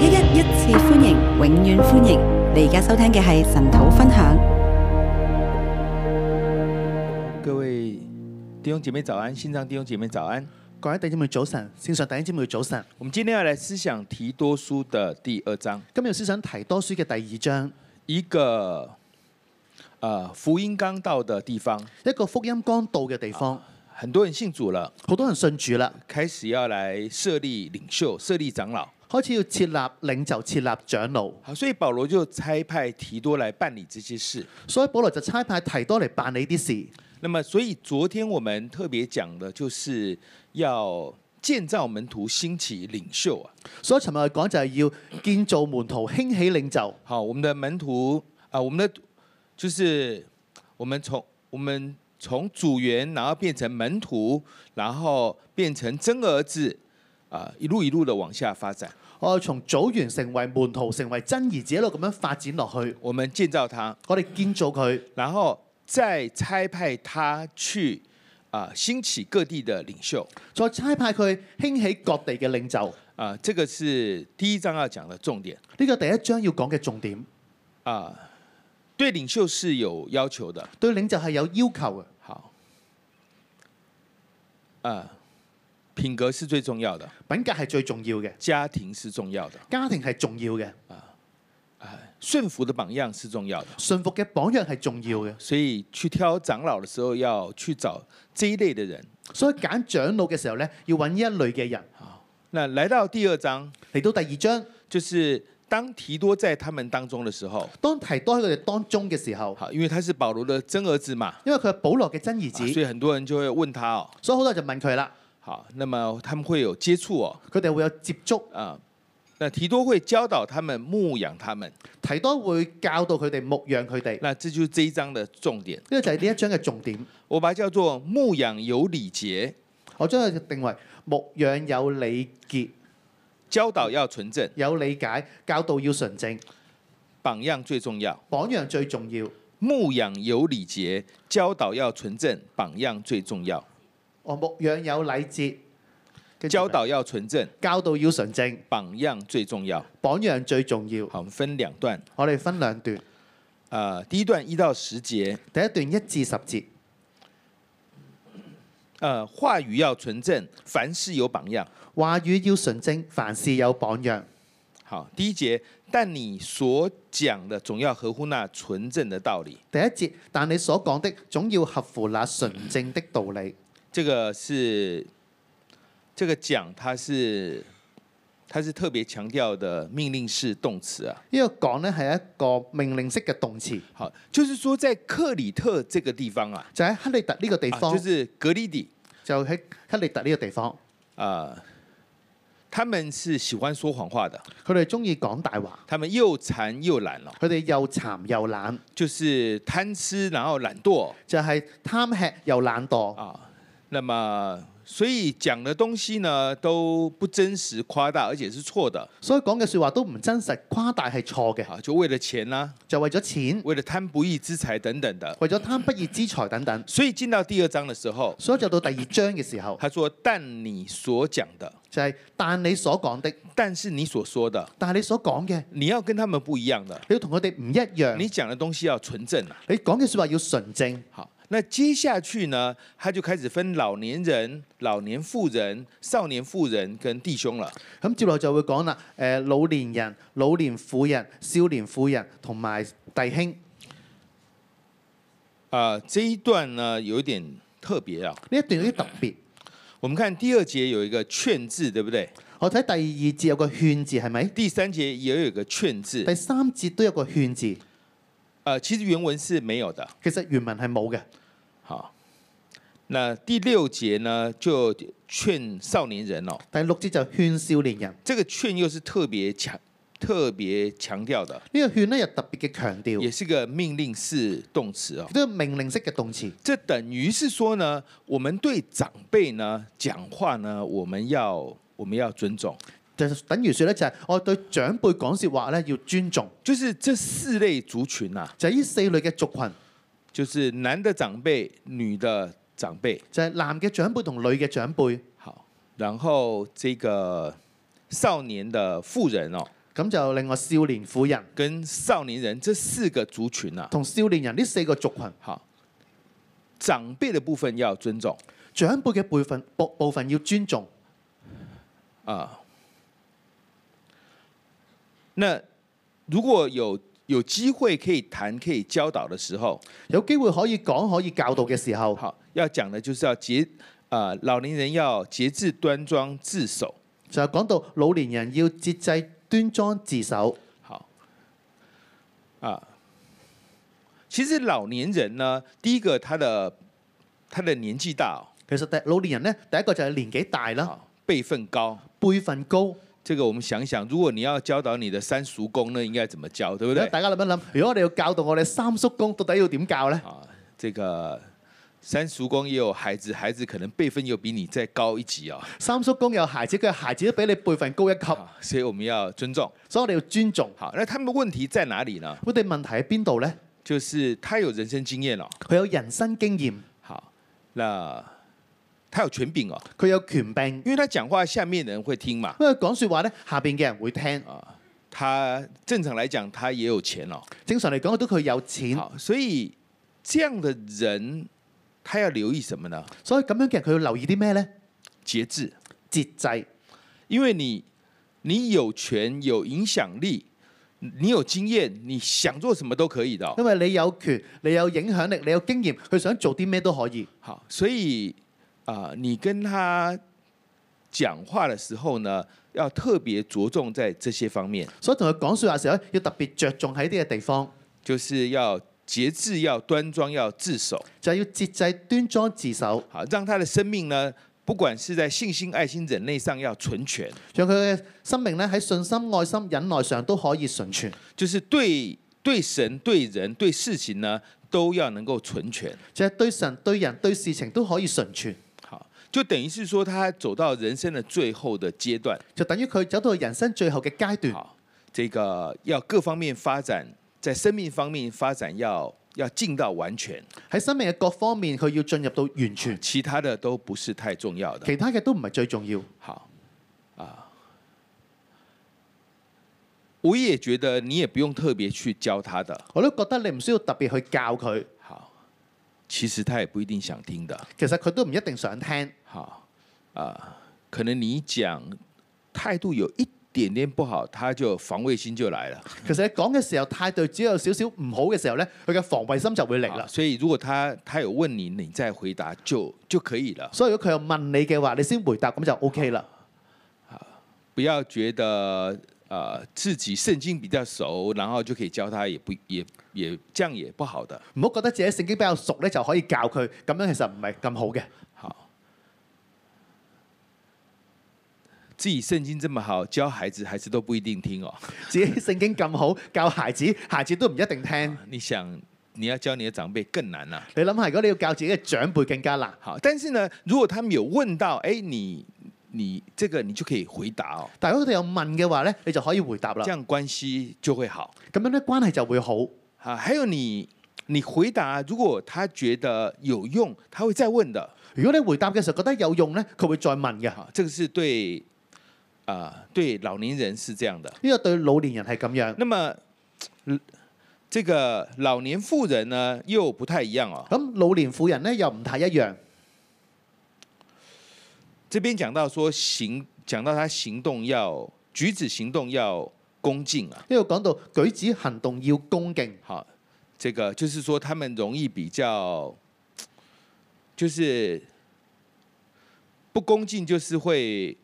一一一次歡迎，永遠歡迎！你而家收聽嘅係晨禱分享。各位弟兄姐妹早安，線上弟兄姐妹早安。各位弟兄姐妹早晨，線上弟兄姐、姐妹早晨。我們今天要嚟思想提多書的第二章。今日思想提多書嘅第二章，一個誒、呃、福音剛到的地方，一個福音剛到嘅地方、啊，很，很多人信主了，好多人信主了，開始要嚟設立領袖，設立長老。開始要設立領袖，設立長老，好，所以保羅就差派提多來辦理這些事。所以保羅就差派提多嚟辦理啲事。那麼所以昨天我們特別講的，就是要建造門徒，興起領袖啊。所以尋日講就係要建造門徒，興起領袖。好，我們的門徒啊，我們的就是我們從我們從組員，然後變成門徒，然後變成真兒子啊，一路一路的往下發展。我哋從組員成為門徒，成為真兒子，一路咁樣發展落去。我們建造他，我哋建造佢，然後再差派他去啊，興起各地的領袖，再差派佢興起各地嘅領袖。啊，這個是第一章要講嘅重點。呢個第一章要講嘅重點啊，對領袖是有要求的，對領袖係有要求嘅。好、啊品格是最重要的，品格係最重要嘅。家庭是重要的，家庭係重要嘅。啊，係順服的榜樣是重要的，順服嘅榜樣係重要嘅。所以去挑長老的時候，要去找這一類的人。所以揀長老嘅時候咧，要揾呢一類嘅人。啊，那來到第二章，嚟到第二章，就是當提多在他們當中的時候，當提多喺佢哋當中嘅時候，好，因為他是保羅的真兒子嘛，因為佢係保羅嘅真兒子，啊，所以很多人就會問他哦，所以好多人就問佢啦。好，那麼他、哦，他們會有接觸，哦。佢哋會有接觸，啊。那提多會教導他們牧養他們，提多會教導佢哋牧養佢哋。嗱，這就是這一章嘅重點，呢個就係呢一章嘅重點，我把它叫做牧養有禮節，我將佢定為牧養有禮節，教導要純正，有理解，教導要純正。榜樣最重要。榜樣最重要。牧養有禮節，教導要純正，榜樣最重要。我牧養有禮節，就是，教導要純正，教導要純正，榜樣最重要，榜樣最重要。好，分兩段，我哋分兩段。啊、呃，第一段一到十節，第一段一至十節。誒、呃，話語要純正，凡事有榜樣；話語要純正，凡事有榜樣。好，第一節，但你所講的總要合乎那純正的道理。第一節，但你所講的總要合乎那純正的道理。嗯這個是這個講他，它是它是特別強調的命令式動詞啊。要、這個、講呢，係一個命令式嘅動詞。好，就是說，在克里特這個地方啊，就是、在克里特呢個地方、啊，就是格里迪，就喺克里特呢個地方。啊，他們是喜歡說謊話的。佢哋中意講大話。他們又饞又懶咯。佢哋又饞又懶，就是貪吃然後懶惰。就係、是貪，就是、貪吃又懶惰啊。那麼，所以講的東西呢都不，都不真實、誇大，而且是錯的。所以講嘅說話都唔真實、誇大係錯嘅，吓，就為了錢啦、啊，就為咗錢，為了貪不義之財等等的，為咗貪不義之財等等。所以進到第二章嘅時候，所以就到第二章嘅時候，他說：但你所講的就係、是、但你所講的，但是你所說的，但係你所講嘅，你要跟他們不一樣的，你要同佢哋唔一樣。你講嘅東西要純正啊，你講嘅說話要純正，吓。那接下去呢，他就開始分老年人、老年婦人、少年婦人跟弟兄了。咁、嗯、接落就會講啦，誒，老年人、老年婦人、少年婦人同埋弟兄。啊、呃，這一段呢有一點特別啊。呢一段有啲特別。 我們看第二節有一個勸字，對不對？我睇第二節有個勸字，係咪？第三節也有一個勸字。第三節都有個勸字。其實原文是沒有的。其實原文係冇嘅。好，那第六節呢就勸少年人哦。第六節就勸少年人，這個勸又是特別強、特別強調的。呢個勸呢又特別嘅強調，也是個命令式動詞哦。呢個命令式嘅動詞，這等於是說呢，我們對長輩呢講話呢，我們要我們要尊重，就等於說呢，就係我對長輩講說話呢要尊重，就是這四類族群啊，就係呢四類嘅族群。就是男的長輩、女的長輩，就係、是、男嘅長輩同女嘅長輩。好，然後這個少年的婦人哦，咁就另外，少年婦人跟少年人這四個族群啊，同少年人呢四個族群，好，長輩的部分要尊重，長輩嘅輩份部分部分要尊重啊、呃。那如果有，有機會可以談、可以教導的時候，有機會可以講、可以教導嘅時候，好，要講嘅就是要節啊、呃，老年人要節制、端莊、自守。就係講到老年人要節制、端莊、自守。好啊，其實老年人呢，第一個他，他的他的年紀大。其實第老年人呢，第一個就係年紀大啦，輩分高，輩分高。這個我們想一想，如果你要教導你的三叔公呢，呢應該怎麼教，對不對？大家諗一諗，如果我哋要教導我哋三叔公，到底要點教呢？這個三叔公也有孩子，孩子可能輩分又比你再高一級啊、哦。三叔公有孩子，佢孩子都比你輩分高一級，所以我們要尊重。所以我哋要尊重。好，那他們問題在哪裏呢？我哋問題喺邊度呢？就是他有人生經驗咯、哦，佢有人生經驗。好，那。他有權柄哦，佢有權柄，因為他講話下面人會聽嘛。因為講説話咧，下邊嘅人會聽。啊，他正常嚟講，他也有錢咯、哦。正常嚟講，都佢有錢。所以，這樣的人，他要留意什麼呢？所以咁樣嘅人，佢要留意啲咩呢？節制、節制。因為你你有權有影響力，你有經驗，你想做什麼都可以的。因為你有權，你有影響力，你有經驗，佢想做啲咩都可以。好，所以。啊！你跟他講話的時候呢，要特別着重在這些方面。所以同佢講說話的時候，要特別着重喺呢個地方，就是要節制、要端莊、要自守。就係、是、要節制、端莊、自守。好，讓他的生命呢，不管是在信心、愛心、忍耐上要純全，讓佢嘅生命呢喺信心、愛心、忍耐上都可以純全。就是對對神、對人、對事情呢，都要能夠純全。就係、是、對神、對人、對事情都可以純全。就等於是說，他走到人生的最後的階段。就等於佢走到人生最後嘅階段。好，這個要各方面發展，在生命方面發展要要進到完全。喺生命嘅各方面，佢要進入到完全，其他的都不是太重要的。其他嘅都唔係最重要。好，啊，我也覺得你也不用特別去教他的。我都覺得你唔需要特別去教佢。其實他也不一定想聽的，其實佢都唔一定想聽。好啊，啊，可能你講態度有一點點不好，他就防衛心就來了。其實你講嘅時候態度只有少少唔好嘅時候呢，佢嘅防衛心就會嚟啦、啊。所以如果他他有問你，你再回答就就可以了。所以如果佢有問你嘅話，你先回答咁就 OK 啦、啊。不要覺得。呃，自己聖經比較熟，然後就可以教他也，也不也也這樣也不好的。唔好覺得自己聖經比較熟呢，就可以教佢，咁樣其實唔係咁好嘅。自己聖經這麼好，教孩子，孩子都不一定聽哦。自己聖經咁好， 教孩子，孩子都唔一定聽。你想你要教你的長輩更難啦、啊。你諗下，如果你要教自己嘅長輩更加難。但是呢，如果他們有問到，誒，你。你這個你就可以回答哦，但如果佢有問嘅話咧，你就可以回答啦。這樣關係就會好，咁樣咧關係就會好吓。還有你，你回答如果他覺得有用，他會再問的。如果你回答嘅時候覺得有用咧，佢會再問嘅吓。哈、啊，這個是對，啊、呃，對老年人是這樣的。因為對老年人係咁樣。那麼，這個老年婦人呢又不太一樣哦。咁老年婦人呢又唔太一樣。這邊講到說行，講到他行動要舉止行動要恭敬啊。呢度講到舉止行動要恭敬，好，這個就是說他們容易比較，就是不恭敬，就是會，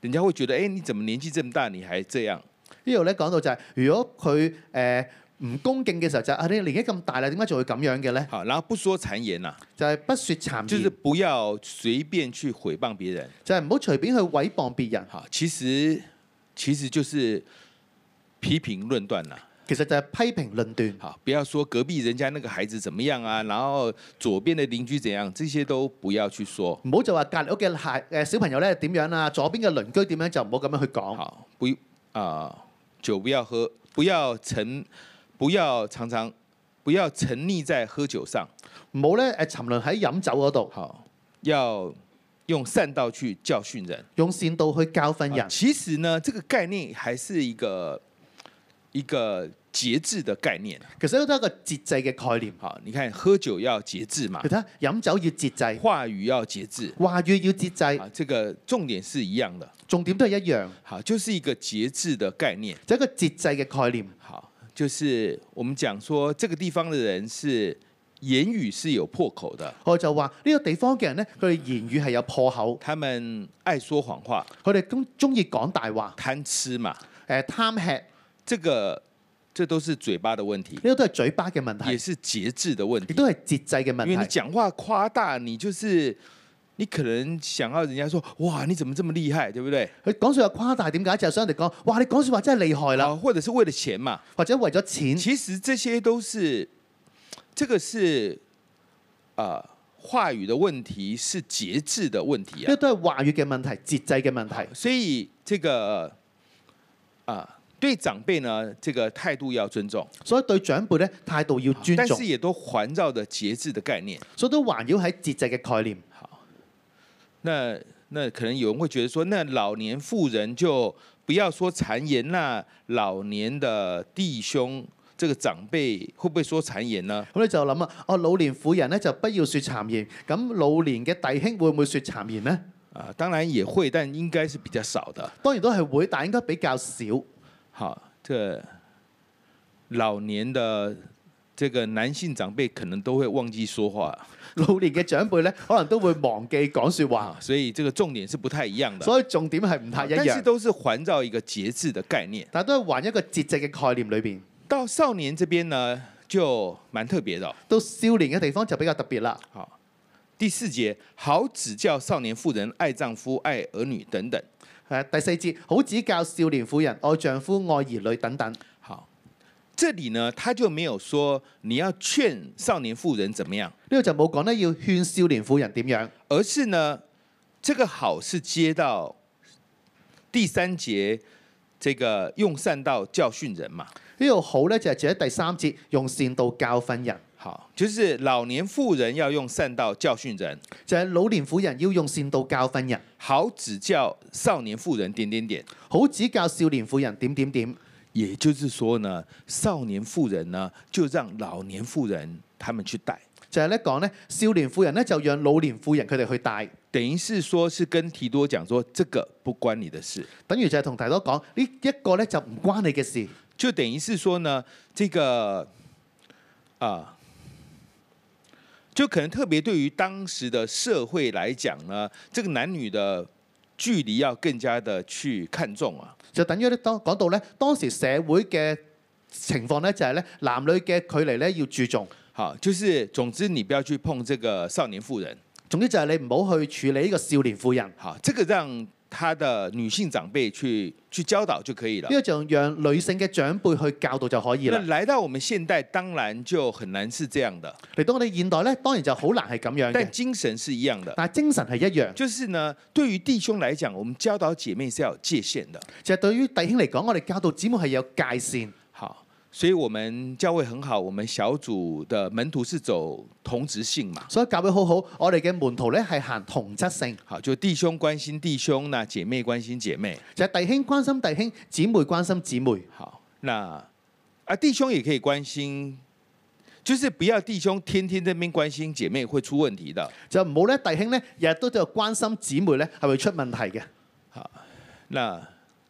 人家會覺得，誒、欸，你怎麼年紀這麼大，你還這樣？這呢度咧講到就係、是、如果佢誒。呃唔恭敬嘅時候就係、是、你年紀咁大啦，點解仲會咁樣嘅咧？好，然後不說讒言啦、啊，就係、是、不說讒言，就是不要隨便去毀謗別人，就係唔好隨便去毀謗別人。好，其實其實就是批評論斷啦，其實就係批評論斷。好，不要說隔壁人家那個孩子怎麼樣啊，然後左邊的鄰居怎樣，這些都不要去說。唔好就話隔籬屋嘅孩誒小朋友咧點樣啊，左邊嘅鄰居點樣就唔好咁樣去講。好，不啊酒、呃、不要喝，不要成。不要常常，不要沉溺在喝酒上，唔好咧誒沉淪喺飲酒嗰度。好，要用善道去教訓人，用善道去教訓人。其實呢，這個概念還是一個一個節制的概念。其實都係一個節制嘅概念。好，你看喝酒要節制嘛，睇下飲酒要節制，話語要節制，話語要節制。啊，這個重點是一樣的，重點都係一樣。好，就是一個節制的概念，就係一個節制嘅概念。好。就是，我們講說，這個地方的人是言語是有破口的。我就話呢個地方嘅人呢，佢哋言語係有破口。他們愛說謊話，佢哋咁中意講大話。貪吃嘛，誒、呃、貪吃，這個，這都是嘴巴嘅問題。呢個都係嘴巴嘅問題，也是節制嘅問題。都係節制嘅問題，因為你講話誇大，你就是。你可能想要人家說，哇，你怎麼這麼厲害，對不對？佢講說話誇大，點解？就相對講，哇，你講說話真係厲害啦，或者是為了錢嘛，或者為咗錢，其實這些都是，這個是，啊、呃，話語的問題，是節制的問題啊，都係話語嘅問題，節制嘅問題。所以，這個，啊、呃，對長輩呢，這個態度要尊重，所以對長輩呢，態度要尊重，但是也都環繞着節制的概念，所以都環繞喺節制嘅概念。那那可能有人會覺得說，那老年婦人就不要說讒言，那老年的弟兄這個長輩會不會說讒言呢？咁你就諗啊，哦，老年婦人呢就不要說讒言，咁老年嘅弟兄會唔會說讒言呢？啊，當然也會，但應該是比較少的。當然都係會，但應該比較少。好，這個老年的。這個男性長輩可能都會忘記說話，老年嘅長輩呢，可能都會忘記講說話， 所以這個重點是不太一樣嘅。所以重點係唔太一樣，但是都是環繞一個節制嘅概念。但係都係環一個節制嘅概念裏邊。到少年這邊呢，就蠻特別的。到少年嘅地方就比較特別啦。第四節，好指教少年婦人，愛丈夫，愛兒女等等。第四節，好指教少年婦人，愛丈夫，愛兒女等等。這裏呢，他就沒有說你要勸少年婦人怎麼樣，呢個就冇講。呢要勸少年婦人點樣，而是呢，這個好是接到第三節，這個用善道教訓人嘛？呢個好呢，就係指第三節用善道教訓人。好，就是老年婦人要用善道教訓人，就係、是、老年婦人要用善道教訓人。好指教少年婦人點點點，好指教少年婦人點點點。也就是說呢，少年婦人呢，就讓老年婦人他們去帶。就係咧講呢，少年婦人呢，就讓老年婦人佢哋去帶，等於是說是跟提多講說，這個不關你的事。等於就係同提多講，呢、這、一個呢就唔關你嘅事。就等於是說呢，這個啊、呃，就可能特別對於當時的社會來講呢，這個男女的。距離要更加的去看重啊，就等於咧，當講到咧當時社會嘅情況咧，就係咧男女嘅距離咧要注重。好，就是總之你不要去碰這個少年婦人。總之就係你唔好去處理呢個少年婦人。好，這個讓。他的女性長輩去去教導就可以了。呢就讓女性嘅長輩去教導就可以了。來。來到我們現代，當然就很難是這樣的。嚟到我哋現代呢，當然就好難係咁樣，但精神是一樣的。但精神係一樣，就是呢，對於弟兄嚟講，我們教導姐妹是有界限的；其實對於弟兄嚟講，我哋教導姊妹係有界限。所以我們教會很好，我們小組的門徒是走同質性嘛？所以教會好好，我哋嘅門徒咧係行同質性，好就弟兄關心弟兄嗱，姐妹關心姐妹，就是、弟兄關心弟兄，姊妹關心姊妹。好，那啊弟兄也可以關心，就是不要弟兄天天喺邊關心姐妹會出問題的，就唔好咧，弟兄咧日日都就關心姊妹咧，係咪出問題嘅？好，那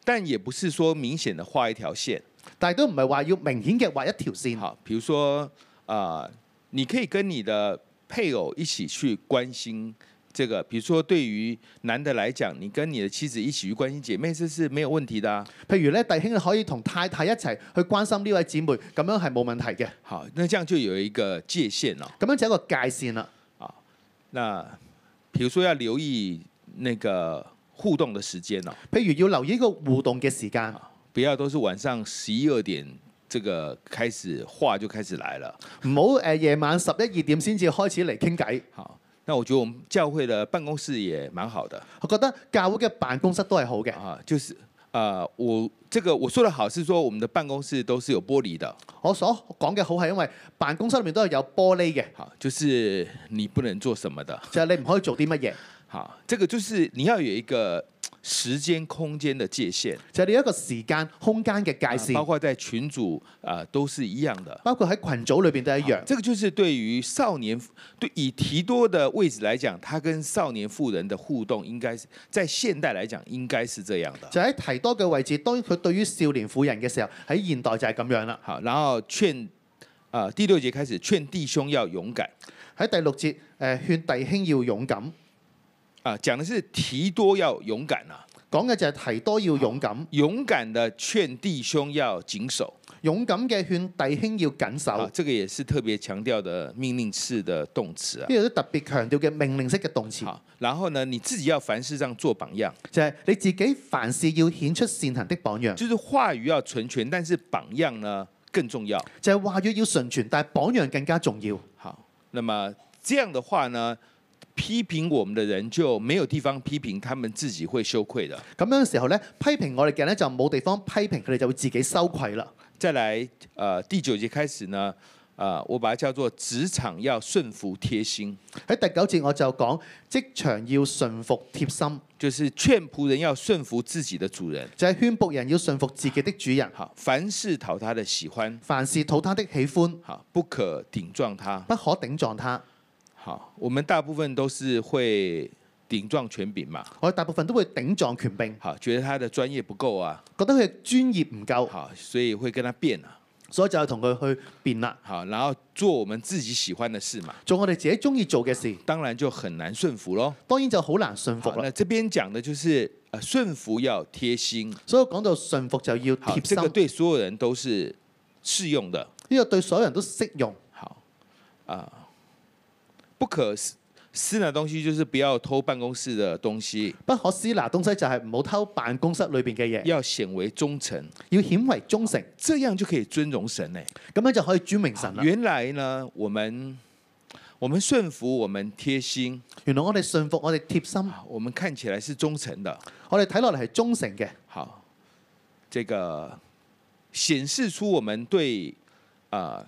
但也不是說明顯的畫一條線。但係都唔係話要明顯嘅畫一條線。好，譬如說，啊、呃，你可以跟你的配偶一起去關心這個，譬如說對於男的來講，你跟你的妻子一起去關心姐妹，這是沒有問題的、啊。譬如咧，弟兄可以同太太一齊去關心呢位姐妹，咁樣係冇問題嘅。好，那這樣就有一個界限咯。咁樣就有一個界線啦。啊，那譬如說要留意那個互動的時間啊，譬如要留意呢個互動嘅時間。比較都是晚上十一二點，這個開始話就開始來了。唔好誒，夜、呃、晚十一二點先至開始嚟傾偈。好，那我覺得我們教會的辦公室也蠻好的。我覺得教會嘅辦公室都係好嘅。啊，就是啊、呃，我這個我說的好是說，我們的辦公室都是有玻璃的。我所講嘅好係因為辦公室裡面都係有玻璃嘅。好，就是你不能做什麼的。就係、是、你唔可以做啲乜嘢。好，這個就是你要有一個。時間空間的界限，就係呢一個時間空間嘅界線，包括在群組啊都是一樣的，包括喺群組裏邊都一樣。呢個就是對於少年對以提多的位置來講，他跟少年婦人的互動，應該是在現代來講，應該是這樣的。就喺提多嘅位置，當佢對於少年婦人嘅時候，喺現代就係咁樣啦。好，然後勸啊第六節開始勸弟兄要勇敢，喺第六節誒勸弟兄要勇敢。啊，講的是提多要勇敢吶、啊。講嘅就係提多要勇敢，勇敢的勸弟兄要謹守、嗯。勇敢嘅勸弟兄要謹守。啊，這個也是特別強調的命令式的動詞啊。呢個都特別強調嘅命令式嘅動詞。好，然後呢，你自己要凡事這樣做榜樣，就係、是、你自己凡事要顯出善行的榜樣。就是話語要純全，但是榜樣呢更重要。就係、是、話語要純全，但榜樣更加重要。好，那麼這樣的話呢，批評我們的人就沒有地方批評，他們自己會羞愧的。咁樣嘅時候咧，批評我哋嘅人就冇地方批評，佢哋就會自己羞愧啦。再來，誒、呃、第九節開始呢，誒、呃、我把它叫做職場要順服貼心。喺第九節我就講職場要順服貼心，就是勸僕人要順服自己的主人，就係勸僕人要順服自己的主人。吓，凡事討他的喜歡，凡事討他的喜歡，吓，不可頂撞他，不可頂撞他。我們大部分都是會頂撞權柄嘛。我大部分都會頂撞權柄。好，覺得他的專業不夠啊。覺得佢嘅專業唔夠。好，所以會跟他辯啊。所以就係同佢去辯啦。好，然後做我們自己喜歡的事嘛。做我哋自己中意做嘅事。當然就很難順服咯。當然就難順好難順服啦。呢邊講嘅就是，順服要貼心。所以講到順服就要貼心，呢、這個對所有人都是適用的。呢、這個對所有人都適用。好，啊、呃。不可私拿東西，就是不要偷辦公室的東西。不可私拿東西，就係唔好偷辦公室裏邊嘅嘢。要顯為忠誠，要顯為忠誠，這樣就可以尊榮神呢，咁樣就可以尊榮神啦。原來呢，我們我們順服，我們貼心。原來我哋順服，我哋貼心。我們看起來是忠誠的，我哋睇落嚟係忠誠嘅。好，這個顯示出我們對啊。呃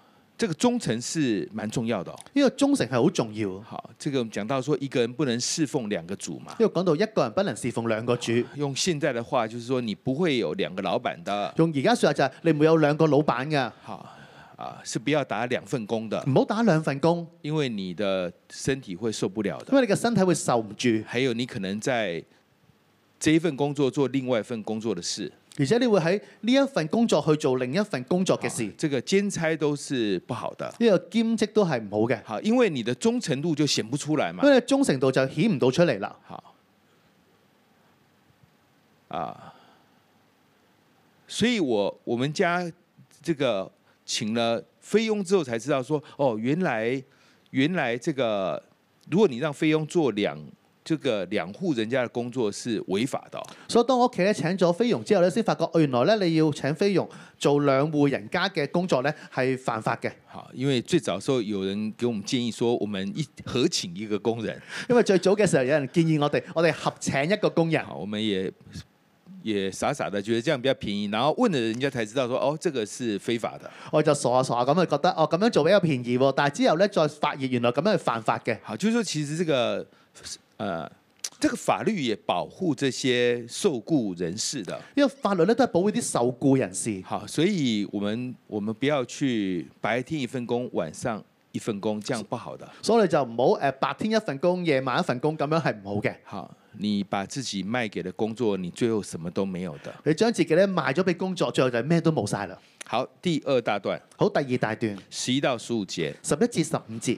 這個忠誠是蠻重要的、哦，因為忠誠係好重要。好，這個講到說一個人不能侍奉兩個主嘛。因、這個講到一個人不能侍奉兩個主。用現在的話就是說你不會有兩個老闆的。用而家說話就係你沒有兩個老闆的。好，啊，是不要打兩份工的。唔好打兩份工，因為你的身體會受不了的。因為你個身體會受唔住。還有你可能在這一份工作做另外一份工作的事。而且你會喺呢一份工作去做另一份工作嘅事，這個兼差都是不好的，呢個兼職都係唔好嘅。好，因為你的忠誠度就顯不出來嘛。因為忠誠度就顯唔到出嚟啦。好，啊，所以我我們家這個請了菲佣之後，才知道說，哦，原來原來這個如果你讓菲佣做兩這個兩戶人家的工作是違法的，所以當我屋企咧請咗菲傭之後咧，先發覺原來咧，你要請菲傭做兩戶人家嘅工作咧係犯法嘅。好，因為最早時候有人給我們建議說，我們一合請一個工人，因為最早嘅時候有人建議我哋，我哋合請一個工人。好，我們也也傻傻的覺得這樣比較便宜，然後問咗人家才知道說，哦，這個是非法的。我就傻傻咁啊，覺得哦咁樣做比較便宜，但係之後咧再發現原來咁樣係犯法嘅。好，足、就是、其實呢個。誒，這個法律也保護這些受僱人士的，因為法律咧都係保護啲受僱人士。好，所以我們我們不要去白天一份工，晚上一份工，這樣不好的。所以你就唔好誒，白天一份工，夜晚一份工，咁樣係唔好嘅。好，你把自己賣給了工作，你最後什麼都沒有的。你將自己咧賣咗俾工作，最後就咩都冇晒啦。好，第二大段，好，第二大段，十一到十五節，十一至十五節，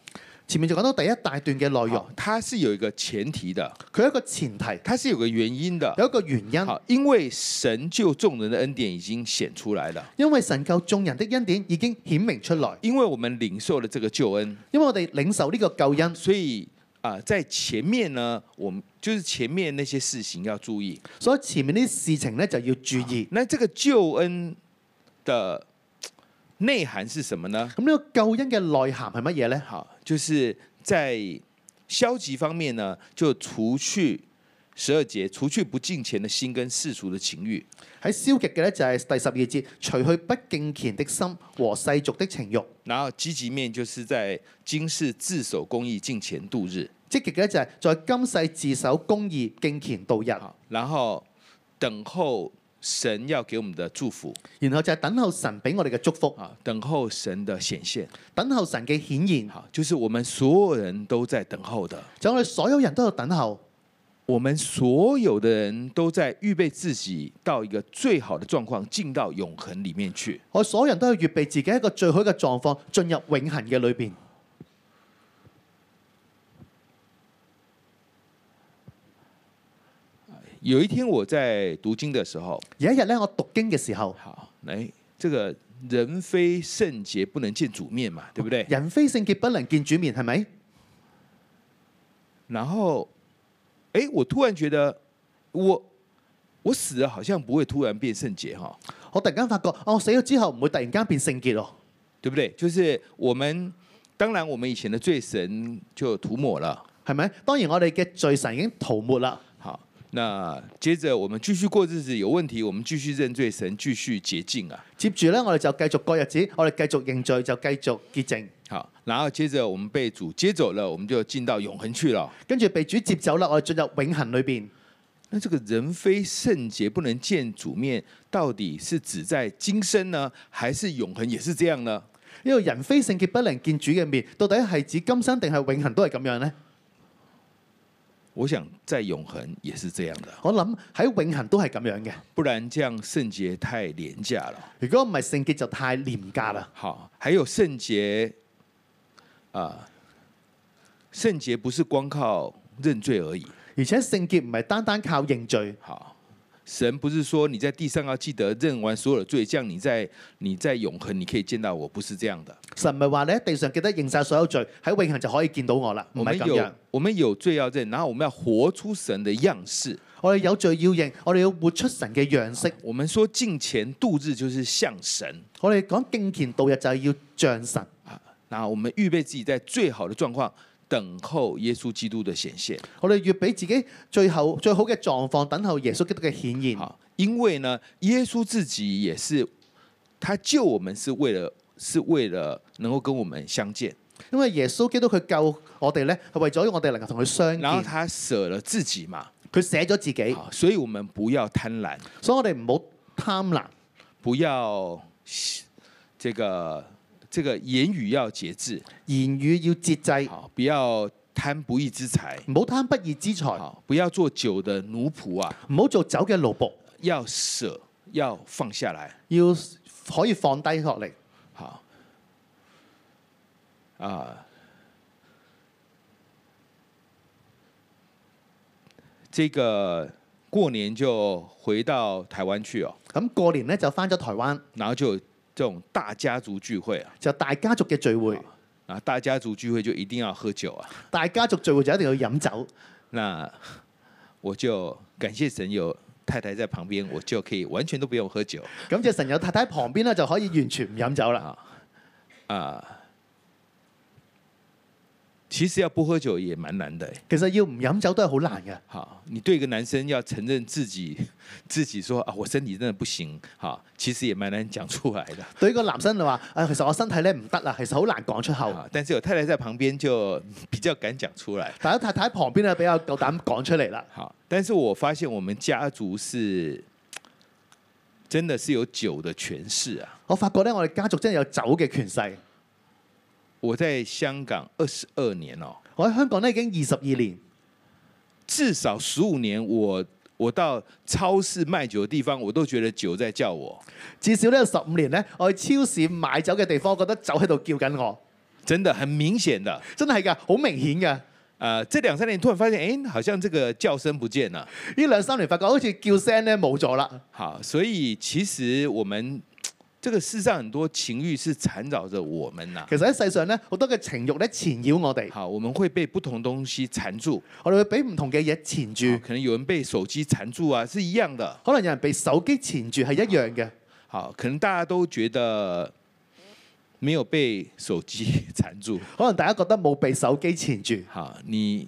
前面就講到第一大段嘅內容，它是有一個前提的，佢有一個前提，它是有個原因的，有一個原因，因為神救眾人的恩典已經顯出來了，因為神救眾人的恩典已經顯明出來，因為我們領受了這個救恩，因為我哋領受呢個救恩，所以啊，在前面呢，我就是前面那些事情要注意，所以前面啲事情呢，就要注意，那這個救恩的。內涵嗯，這個、內涵是什麼呢？咁呢個救恩嘅內涵係乜嘢呢？好，就是在消極方面呢，就除去十二節，除去不敬虔的心跟世俗的情欲。喺消極嘅咧就係第十二節，除去不敬虔的心和世俗的情欲。然後積極面就是，積極就是在今世自守公義敬虔度日。積極嘅就係在今世自守公義敬虔度日，然後等候。神要給我們的祝福，然後就等候神俾我哋嘅祝福啊，等候神的顯現，等候神嘅顯現，就是我們所有人都在等候的，就我哋所有人都在等候，我們所有的人都在預備自己到一個最好的狀況，進到永恒裏面去，我所有人都要預備自己在一個最好嘅狀況，進入永恒嘅裏邊。有一天我在讀經的時候，有一日咧我讀經嘅時候，好，嚟，這個人非聖潔不能見主面嘛，對不對？人非聖潔不能見主面，係咪？然後，誒，我突然覺得我我死，好像不會突然變聖潔哈。我突然間發覺，啊、哦，我死咗之後唔會突然間變聖潔咯，對不對？就是我們，當然我們以前嘅罪神就塗抹啦，係咪？當然我哋嘅罪神已經塗抹啦。那接着我們繼續過日子，有問題我們繼續認罪，神繼續潔淨啊。接住呢，我哋就繼續過日子，我哋繼續認罪，就繼續潔淨。好，然後接着我們被主接走了，我們就進到永恒去了。跟住被主接走啦，我哋進入永恒裏邊。那這個人非聖潔不能見主面，到底是指在今生呢，還是永恒也是這樣呢？因為人非聖潔不能見主嘅面，到底係指今生定係永恒都係咁樣呢？我想在永恆也是這樣的。我諗喺永恆都係咁樣嘅。不然，這樣聖潔太廉價了。如果唔係聖潔就太廉價了。好，還有聖潔，啊，聖潔不是光靠認罪而已。而且聖潔唔係單單靠認罪。好。神不是說你在地上要記得認完所有的罪，這樣你在你在永恒你可以見到我，不是這樣的。神唔係話你喺地上記得認晒所有罪，喺永恒就可以見到我啦，唔係咁樣。我們有罪要認，然後我們要活出神的樣式。我哋有罪要認，我哋要活出神嘅樣式。我們說敬虔度日就是像神，我哋講敬虔度日就係要像神。啊，那我們預備自己在最好的狀況。等候耶穌基督的顯現，我哋越俾自己最好最好嘅狀況，等候耶穌基督嘅顯現。因為呢，耶穌自己也是，他救我們是為了，是為了能夠跟我們相見。因為耶穌基督佢救我哋呢，係為咗我哋能夠同佢相見。然後他捨了自己嘛，佢捨咗自己，所以我們不要貪婪，所以我哋唔好貪婪，不要這個。這個言語要節制，言語要節制，好，不要貪不義之財，唔好貪不義之財，好，不要做酒的奴僕啊，唔好做酒嘅奴僕，要捨，要放下來，要可以放低學歷，好，啊，這個過年就回到台灣去哦，咁過年呢就返咗台灣，然後就。這種大家族聚會啊，就大家族嘅聚會啊，大家族聚會就一定要喝酒啊，大家族聚會就一定要飲酒。那我就感謝神有太太在旁邊，我就可以完全都不用喝酒。咁就神有太太旁邊咧，就可以完全唔飲酒啦、嗯。啊。其實要不喝酒也蠻難的，其實要唔飲酒都係好難嘅。好，你對一個男生要承認自己，自己說啊，我身體真的不行。好，其實也蠻難講出來的。對個男生就話，誒，其實我身體咧唔得啦，其實好難講出口。但是有太太在旁邊就比較敢講出來。但係太太旁邊咧，比較夠膽講出來啦。好，但是我發現我們家族是，真的是有酒的權勢啊！我發覺呢，我哋家族真係有酒嘅權勢。我在香港二十二年咯，我喺香港呢，已經二十二年，至少十五年。我我到超市賣酒嘅地方，我都覺得酒在叫我。至少咧有十五年呢，我去超市買酒嘅地方，我覺得酒喺度叫緊我。真的很明顯，真的真係噶，好明顯的，呃、這兩三年突然發現，誒、哎，好像這個叫聲不見了。呢兩三年發覺好似叫聲呢冇咗啦。好，所以其實我們。這個世上很多情欲是纏繞着我們啦、啊。其實喺世上咧，好多嘅情欲咧纏繞我哋。好，我們會被不同東西纏住，我哋會俾唔同嘅嘢纏住、哦。可能有人被手機纏住啊，是一樣嘅。可能有人被手機纏住係一樣嘅。好，可能大家都覺得沒有被手機纏住，可能大家覺得冇被手機纏住。好，你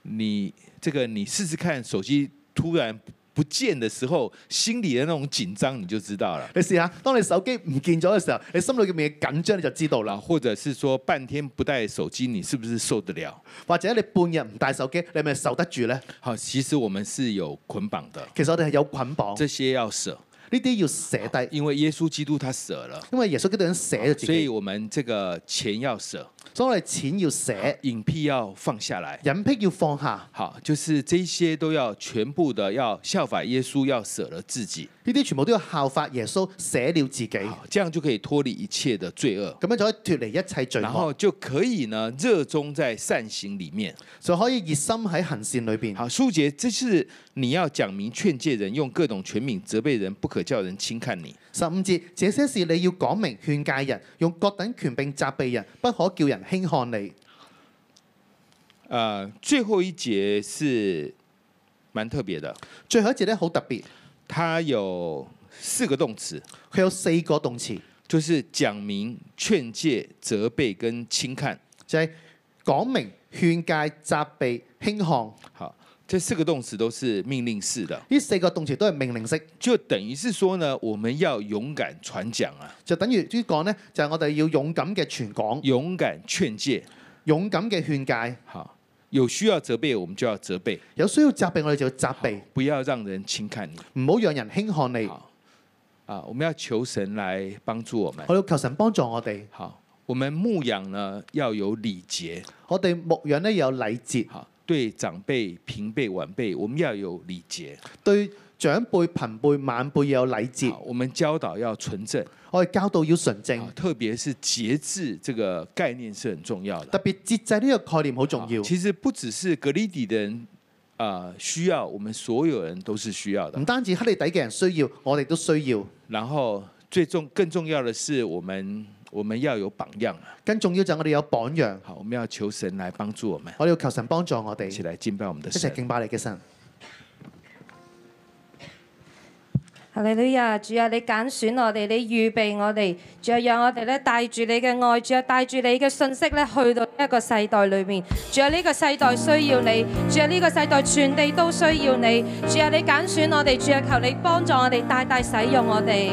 你這個你試試看，手機突然。不見的時候，心裏的那種緊張你就知道了。你試下，當你手機唔見咗嘅時候，你心裏面嘅緊張你就知道啦。或者是說，半天不帶手機，你是不是受得了？或者你半日唔帶手機，你係咪受得住呢？好，其實我們是有捆綁的。其實我哋係有捆綁。這些要捨。呢啲要捨低，因為耶穌基督他捨了，因為耶穌基督人捨了自己，所以我們這個錢要捨，所以錢要捨，隱癖要放下來，隱癖要放下，好，就是這些都要全部的要效法耶穌，要捨了自己，呢啲全部都要效法耶穌捨了自己，好，這樣就可以脫離一切的罪惡，咁樣就可以脫離一切罪惡，然後就可以呢熱衷在善行裏面，所以可以熱心喺行善裏邊。好，書節，這是你要講明勸誡人用各種權柄責備人不可叫人輕看你。十五節，這些事你要講明勸誡人，用各等權柄責備人，不可叫人輕看你。啊、呃,最後一節是蠻特別的。最後一節咧好特別，它有四個動詞，佢有四個動詞，就是講明勸誡責備跟輕看，即係講明勸誡責備輕看。這四個動詞都是命令式的。呢四個動詞都係命令式，就等於是說呢，我們要勇敢傳講啊。就等於呢講呢，就係、是、我哋要勇敢嘅傳講，勇敢勸誡，勇敢嘅勸誡。好，有需要責備，我們就要責備；有需要責備，我哋就要責備。不要讓人輕看你，唔好讓人輕看你。啊，我們要求神來幫助我們。好，求神幫助我哋。好，我們牧養呢要有禮節。我哋牧養呢要有禮節。好。對長輩、平輩、晚輩，我們要有禮節；對長輩、平輩、晚輩要有禮節，我們教導要純正，我哋教導要純正，特別是節制這個概念是很重要的。特別節制呢個概念好重要好。其實不只是革哩底的人需要，我們所有人都是需要的。唔單止革哩底嘅人需要，我哋都需要。然後最重、更重要嘅是，我們。我們要有榜樣，更重要就係我哋有榜樣。好，我們要求神來幫助我們，我哋要求神幫助我哋，一起來敬拜我們的神，一齊敬拜你嘅神。哈利路亞，主啊，你揀選我哋，你預備我哋，主啊，讓我哋咧帶住你嘅愛，主啊，帶住你嘅信息咧，去到一個世代裏面。主啊，呢個世代需要你，主啊，呢個世代全地都需要你。主啊，你揀選我哋，主啊，求你幫助我哋，大大使用我哋。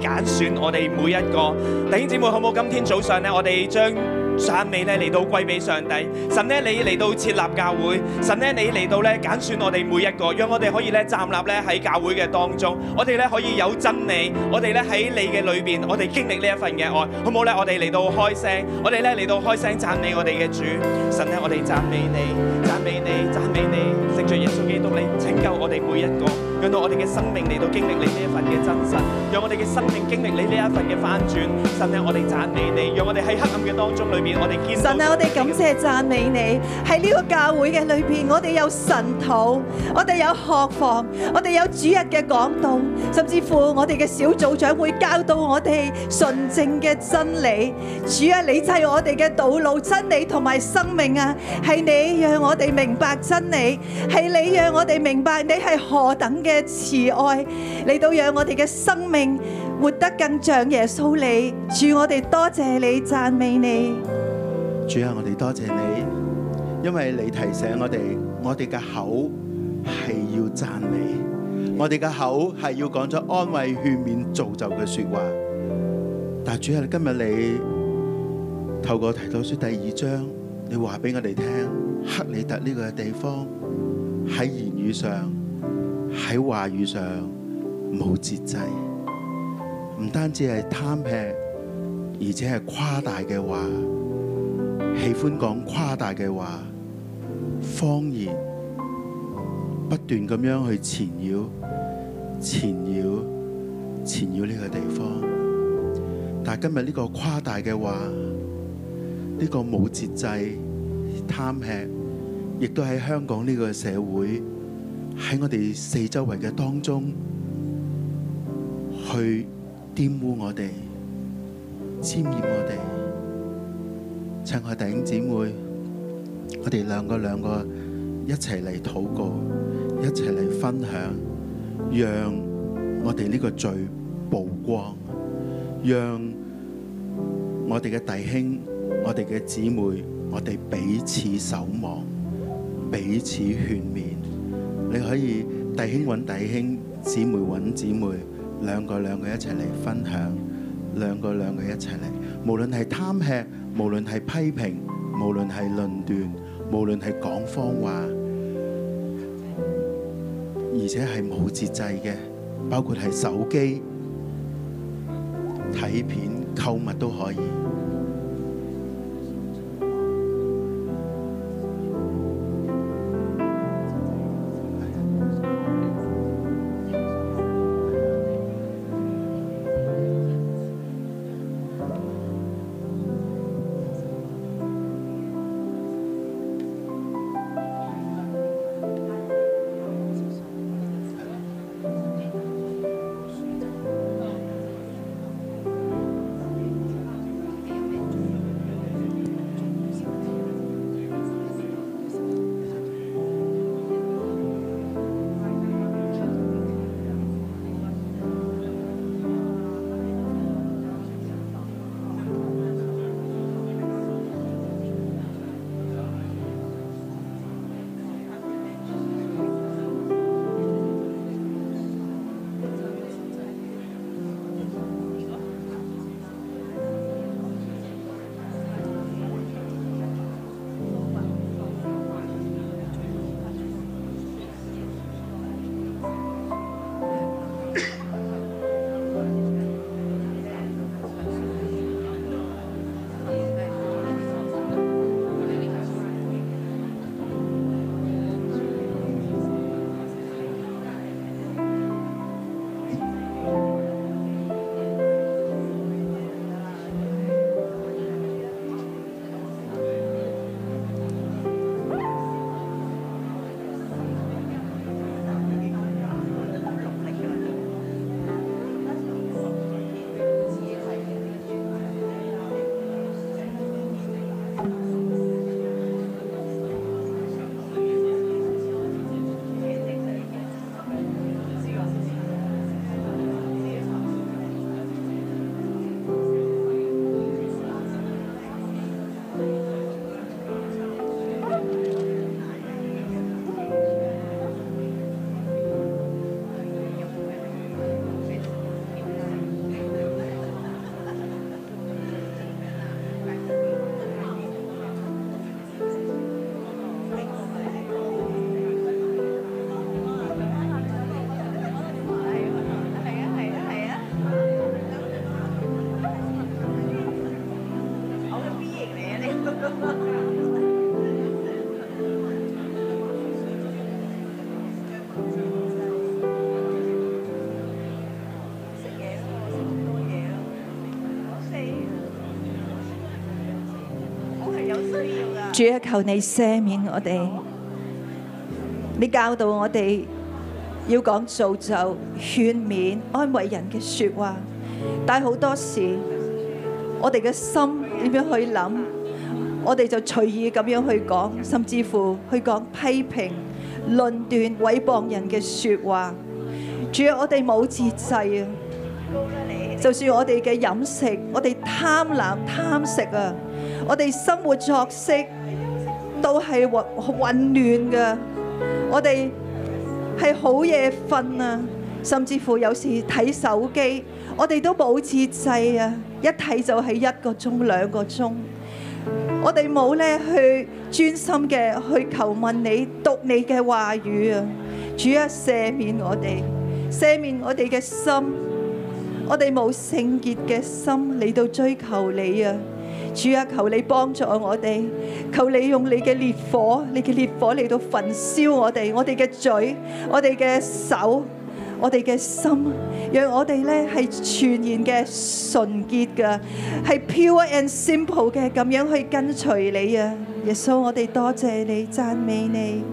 揀選我哋每一個弟兄姊妹，好唔好今天早上咧，我哋將讚美咧嚟到歸俾上帝。神咧，你嚟到設立教會，神咧，你嚟到咧揀選我哋每一個，讓我哋可以咧站立咧喺教會嘅當中。我哋咧可以有真理，我哋咧喺你嘅裏邊，我哋經歷呢一份嘅愛，好唔好咧？我哋嚟到開聲，我哋咧嚟到開聲讚美我哋嘅主。神咧，我哋讚美你，讚美你，讚美你，藉着耶穌基督你拯救我哋每一個，讓到我哋嘅生命嚟到經歷你呢一份嘅真理。神，讓我哋嘅生命經歷你呢一份嘅翻轉。神啊，我哋讚美你。讓我哋喺黑暗嘅當中裏邊，我哋見到神啊，我哋感謝讚美你。喺呢個教會嘅裏邊，我哋有神土，我哋有學房，我哋有主日嘅講道，甚至乎我哋嘅小組長會教導我哋純正嘅真理。主啊，你就係我哋嘅道路、真理同埋生命啊，係你讓我哋明白真理，係你讓我哋明白你係何等嘅慈愛，嚟到讓我哋嘅。生命活得更像耶穌，你主我哋多謝你，讚美你，主啊，我哋多謝你，因為你提醒我哋，我哋嘅口係要讚美，我哋嘅口係要講咗安慰、勸勉、造就嘅說話。但係主啊，今日你透過提多書第二章，你話俾我哋聽，克里特呢個地方喺言語上，喺話語上。冇節制，唔單止係貪吃，而且係誇大嘅話，喜歡講誇大嘅話，謊言不斷咁樣去纏繞、纏繞、纏繞呢個地方。但係今日呢個誇大嘅話，呢個冇節制、貪吃，亦都喺香港呢個社會喺我哋四周圍嘅當中。去玷污我哋、沾染我哋，親愛弟兄姊妹，我哋兩個兩個一齊嚟禱告，一齊嚟分享，讓我哋呢個罪曝光，讓我哋嘅弟兄、我哋嘅姊妹，我哋彼此守望、彼此勸勉。你可以弟兄揾弟兄，姊妹揾姊妹。兩個兩個一齊嚟分享兩，兩個兩個一齊嚟。無論係貪吃，無論係批評，無論係論斷，無論係講謊話，而且係冇節制嘅，包括係手機、睇片、購物都可以。主啊，求你赦免我哋。你教導我哋要講造就、勸勉、安慰人嘅說話，但好多時我們的，我哋嘅心點樣去諗，我哋就隨意咁樣去講，甚至乎去講批評、論斷、誹謗人嘅說話。主啊，我哋冇節制啊！就算我哋嘅飲食，我哋貪婪貪食啊！我哋生活作息。都係混混亂噶我哋係好夜瞓啊，甚至乎有時睇手機，我哋都冇節制啊！一睇就係一個鐘、兩個鐘，我哋冇咧去專心嘅去求問你讀你嘅話語啊！主啊，赦免我哋，赦免我哋嘅心，我哋冇聖潔嘅心嚟到追求你啊！主啊，求你幫助我哋，求你用你嘅烈火，你嘅烈火嚟到焚燒我哋，我哋嘅嘴，我哋嘅手，我哋嘅心，讓我哋咧係全然嘅純潔噶，係 pure and simple 嘅，咁樣去跟隨你啊！耶穌，我哋多謝你，讚美你。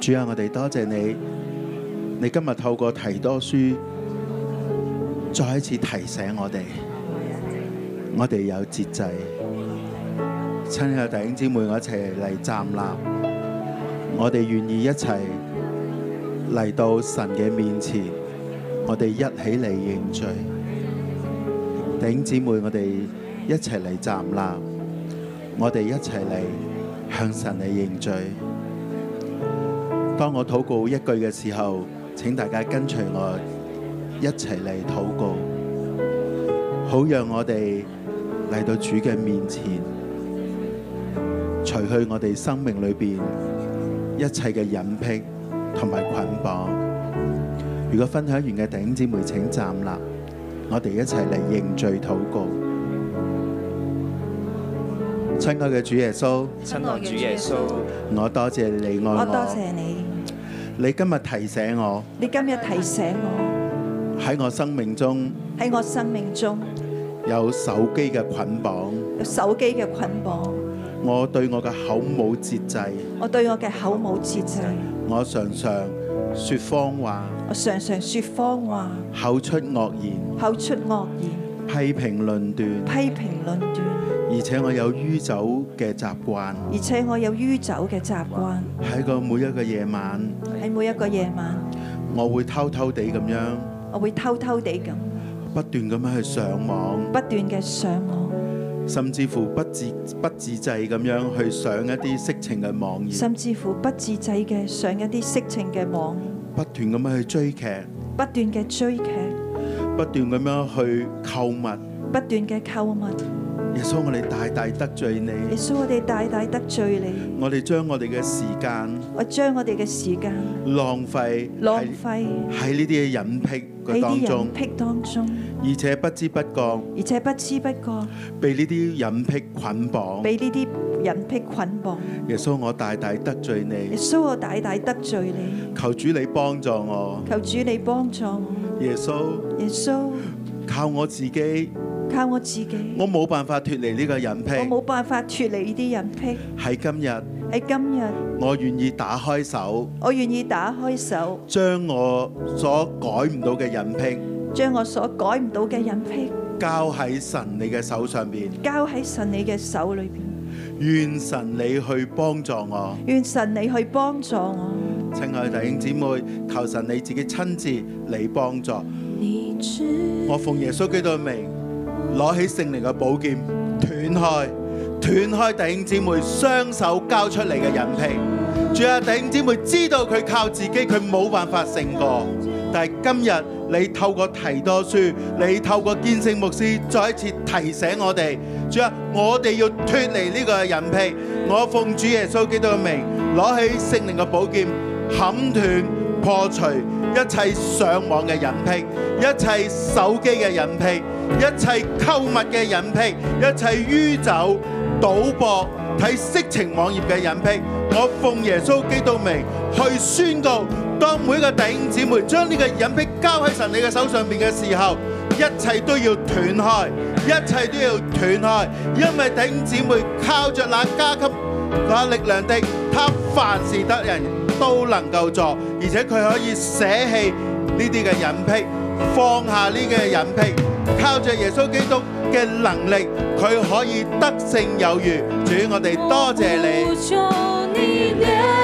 主啊，我哋多謝你，你今日透過提多書。再一次提醒我哋，我哋有節制。親愛的弟兄姊妹，我哋一齊嚟站立。我哋願意一齊嚟到神嘅面前，我哋一起嚟認罪。弟兄姊妹，我哋一齊嚟站立，我哋一齊嚟向神嚟認罪。當我禱告一句嘅時候，請大家跟隨我。一齊嚟禱告，好讓我哋嚟到主嘅面前，除去我哋生命裏邊一切嘅隱蔽同埋捆綁。如果分享完嘅弟兄姊妹，請站立，我哋一齊嚟認罪禱告。親愛嘅主耶穌，親愛主耶穌，我多謝你愛我，我多謝你。你今日提醒我，你今日提醒我。喺我生命中，喺我生命中有手機嘅捆綁，有手機嘅捆綁。我對我嘅口冇節制，我對我嘅口冇節制。我常常説謊話，我常常説謊話。口出惡言，口出惡言。批評論斷，批評論斷。而且我有酗酒嘅習慣，而且我有酗酒嘅習慣。喺個每一個夜晚，喺每一個夜晚，我會偷偷地咁樣。我會偷偷地咁不斷咁樣去上網，不斷嘅上網，甚至乎不自不自制咁樣去上一啲色情嘅網頁，甚至乎不自制嘅上一啲色情嘅網，不斷咁樣去追劇，不斷嘅追劇，不斷咁樣去購物，不斷嘅購物。耶穌，我哋大大得罪你。耶穌，我哋大大得罪你。我哋將我哋嘅時間，我將我哋嘅時間浪費，浪費喺呢啲隱癖嘅當中，喺啲隱癖當中，而且不知不覺，而且不知不覺被呢啲隱癖捆綁，被呢啲隱癖捆綁。耶穌，我大大得罪你。耶穌，我大大得罪你。求主你幫助我。求主你幫助我。耶穌，耶穌，靠我自己。靠我自己，我冇辦法脫離呢個隱癖，我冇辦法脫離呢啲隱癖。喺今日，喺今日，我願意打開手，我願意打開手，將我所改唔到嘅隱癖，將我所改唔到嘅隱癖，交喺神你嘅手上邊，交喺神你嘅手裏邊。願神你去幫助我，願神你去幫助我。親愛弟兄姊妹，求神你自己親自嚟幫助。我奉耶穌基督名。攞起聖靈嘅寶劍，斷開斷開弟兄姊妹雙手交出嚟嘅人皮。仲有弟兄姊妹知道佢靠自己，佢冇辦法勝過。但係今日你透過提多書，你透過建勝牧師，再一次提醒我哋：仲有，我哋要脫離呢個人皮。我奉主耶穌基督嘅名，攞起聖靈嘅寶劍，砍斷、破除一切上網嘅人皮，一切手機嘅人皮。一切購物嘅癮癖，一切酗酒、賭博、睇色情網頁嘅癮癖，我奉耶穌基督名去宣告：當每個弟兄姊妹將呢個癮癖交喺神你嘅手上邊嘅時候，一切都要斷開，一切都要斷開，因為弟兄姊妹靠着那加給他力量的，他凡事得人都能夠做，而且佢可以捨棄呢啲嘅癮癖。.放下呢個隱僻，靠着耶穌基督嘅能力，佢可以得勝有餘。主，我哋多謝，謝你。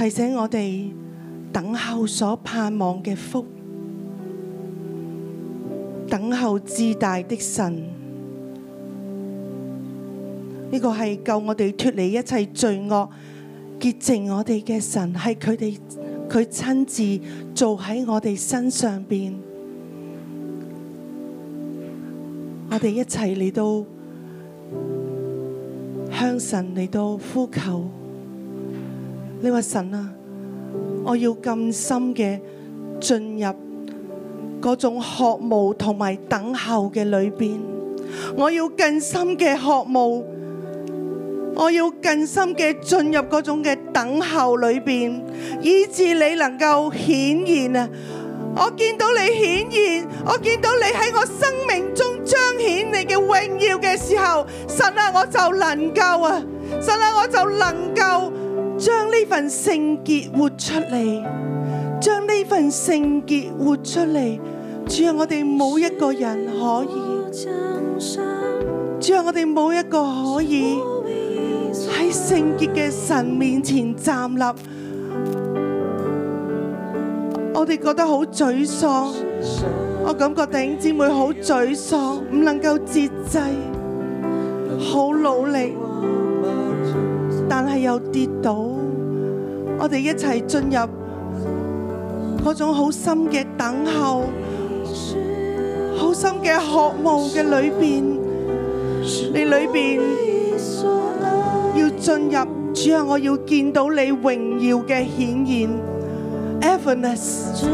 提醒我哋等候所盼望嘅福，等候至大的神。呢、這個係救我哋脫離一切罪惡、潔淨我哋嘅神，係佢哋佢親自做喺我哋身上邊。我哋一齊嚟到向神嚟到呼求。你話神啊，我要更深嘅進入嗰種渴慕同埋等候嘅裏邊，我要更深嘅渴慕，我要更深嘅進入嗰種嘅等候裏邊，以致你能夠顯現啊！我見到你顯現，我見到你喺我生命中彰顯你嘅榮耀嘅時候，神啊我就能夠啊，神啊我就能夠。將呢份聖潔活出嚟，將呢份聖潔活出嚟。主啊，我哋冇一個人可以，主啊，我哋冇一個可以喺聖潔嘅神面前站立。我哋覺得好沮喪，我感覺弟兄姊妹好沮喪，唔能夠節制，好努力。但係又跌倒，我哋一齊進入嗰種好深嘅等候、好深嘅渴望嘅裏邊，你裏邊要進入主啊！我要見到你榮耀嘅顯現，Evanesc，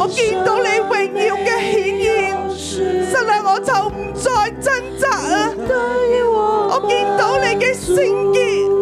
我見到你榮耀嘅顯現，神啊！我就唔再掙扎啊！我見到你嘅聖潔。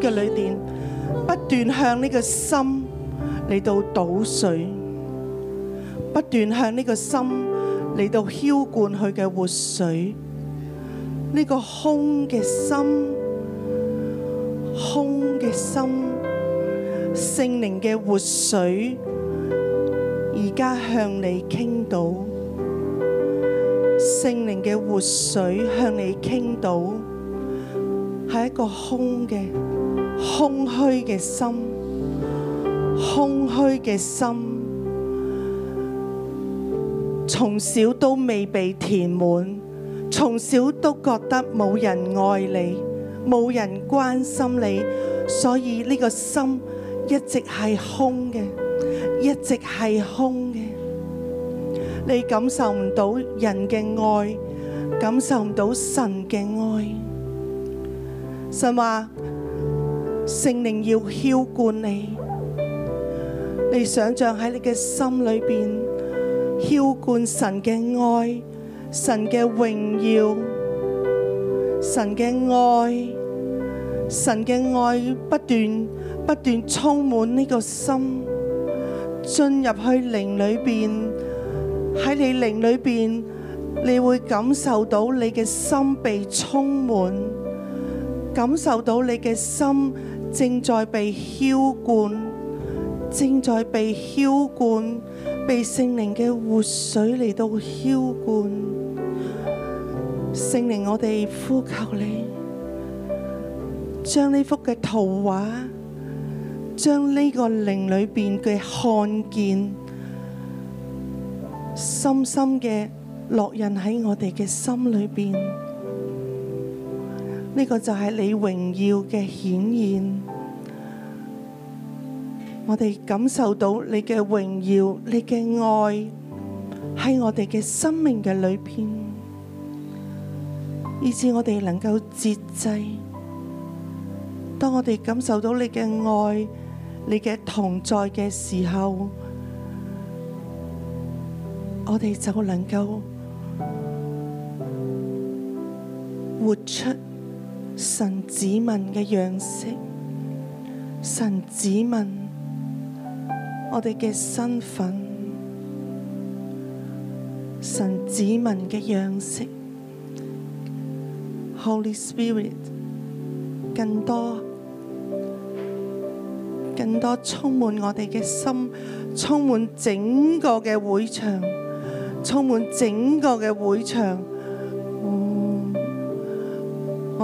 嘅裏邊，不斷向呢個心嚟到倒水，不斷向呢個心嚟到澆灌佢嘅活水。呢個空嘅心，空嘅心，聖靈嘅活水，而家向你傾倒。聖靈嘅活水向你傾倒，係一個空嘅。空虛嘅心，空虛嘅心，從小都未被填滿，從小都覺得冇人愛你，冇人關心你，所以呢個心一直係空嘅，一直係空嘅。你感受唔到人嘅愛，感受唔到神嘅愛。神話。聖靈要澆灌你，你想像喺你嘅心裏邊澆灌神嘅愛，神嘅榮耀，神嘅愛，神嘅愛不斷不斷充滿呢個心，進入去靈裏邊，喺你靈裏邊，你會感受到你嘅心被充滿，感受到你嘅心。正在被澆灌，正在被澆灌，被聖靈嘅活水嚟到澆灌。聖靈，我哋呼求你，將呢幅嘅圖畫，將呢個靈裏邊嘅看見，深深嘅烙印喺我哋嘅心裏邊。呢個就係你榮耀嘅顯現，我哋感受到你嘅榮耀，你嘅愛喺我哋嘅生命嘅裏邊，以致我哋能夠節制。當我哋感受到你嘅愛，你嘅同在嘅時候，我哋就能夠活出，神子民嘅樣式，神子民我哋嘅身份，神子民嘅樣式，Holy Spirit，更多，更多充滿我哋嘅心，充滿整個嘅會場，充滿整個嘅會場。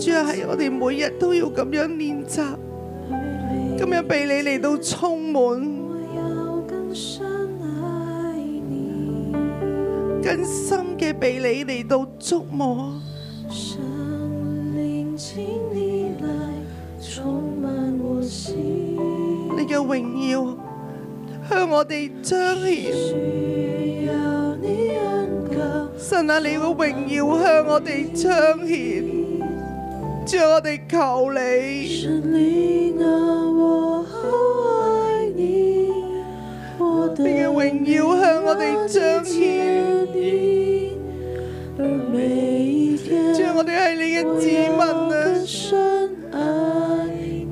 主要係我哋每日都要咁樣練習，咁樣俾你嚟到充滿，更深嘅俾你嚟到觸摸，你嘅榮耀向我哋彰顯，神啊，你嘅榮耀向我哋彰顯。主，我哋求你。主、啊，你嘅榮耀向我哋彰顯。主、啊，我哋係你嘅子民啊！主，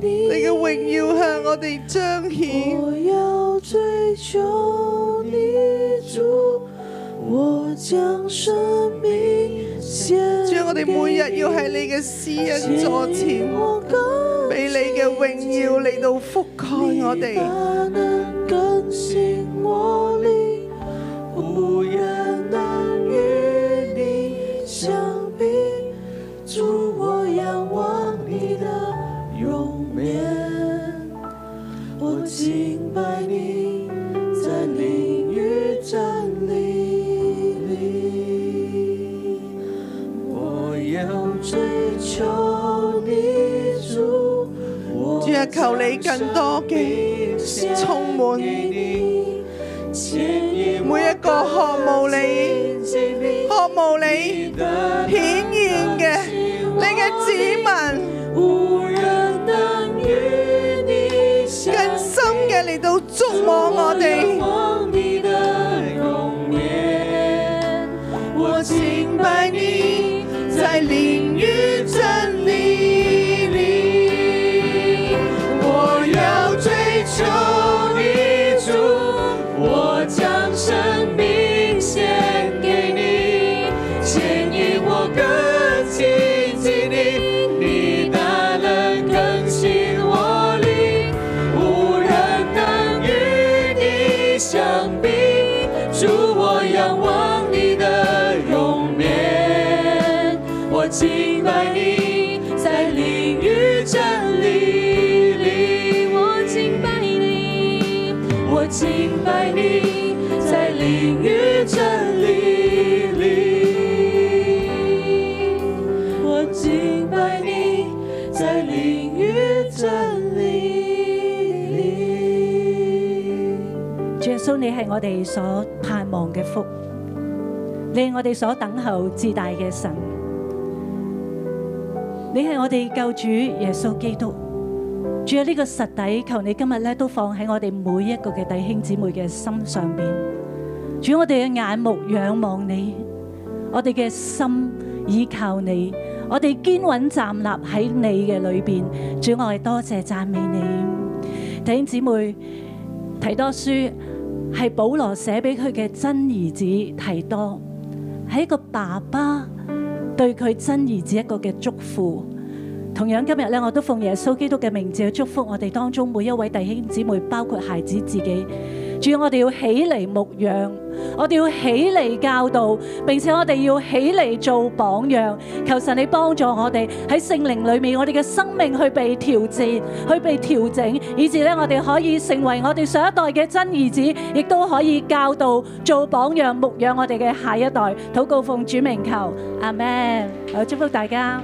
你嘅榮耀向我哋彰顯。你每日要喺你嘅施恩座前，俾你嘅榮耀嚟到覆蓋我哋。Oh yeah. 求你更多嘅充滿，每一個渴望你、渴望你顯現嘅，你嘅指紋，更深嘅嚟到觸摸我哋。你係我哋所盼望嘅福，你係我哋所等候至大嘅神，你係我哋救主耶穌基督。主喺呢個實底，求你今日咧都放喺我哋每一個嘅弟兄姊妹嘅心上邊。主，我哋嘅眼目仰望你，我哋嘅心倚靠你，我哋堅穩站立喺你嘅裏邊。主，我哋多謝讚美你，弟兄姊妹，提多書。是保羅寫畀佢嘅真兒子提多，係一個爸爸對佢真兒子一個嘅祝福。同樣今日呢，我都奉耶穌基督嘅名字祝福我哋當中每一位弟兄姊妹，包括孩子自己。主，我哋要起嚟牧養，我哋要起嚟教導，並且我哋要起嚟做榜樣。求神你幫助我哋喺聖靈裏面，我哋嘅生命去被調節、去被調整，以致咧我哋可以成為我哋上一代嘅真兒子，亦都可以教導、做榜樣、牧養我哋嘅下一代。禱告奉主名求，阿門。好，祝福大家。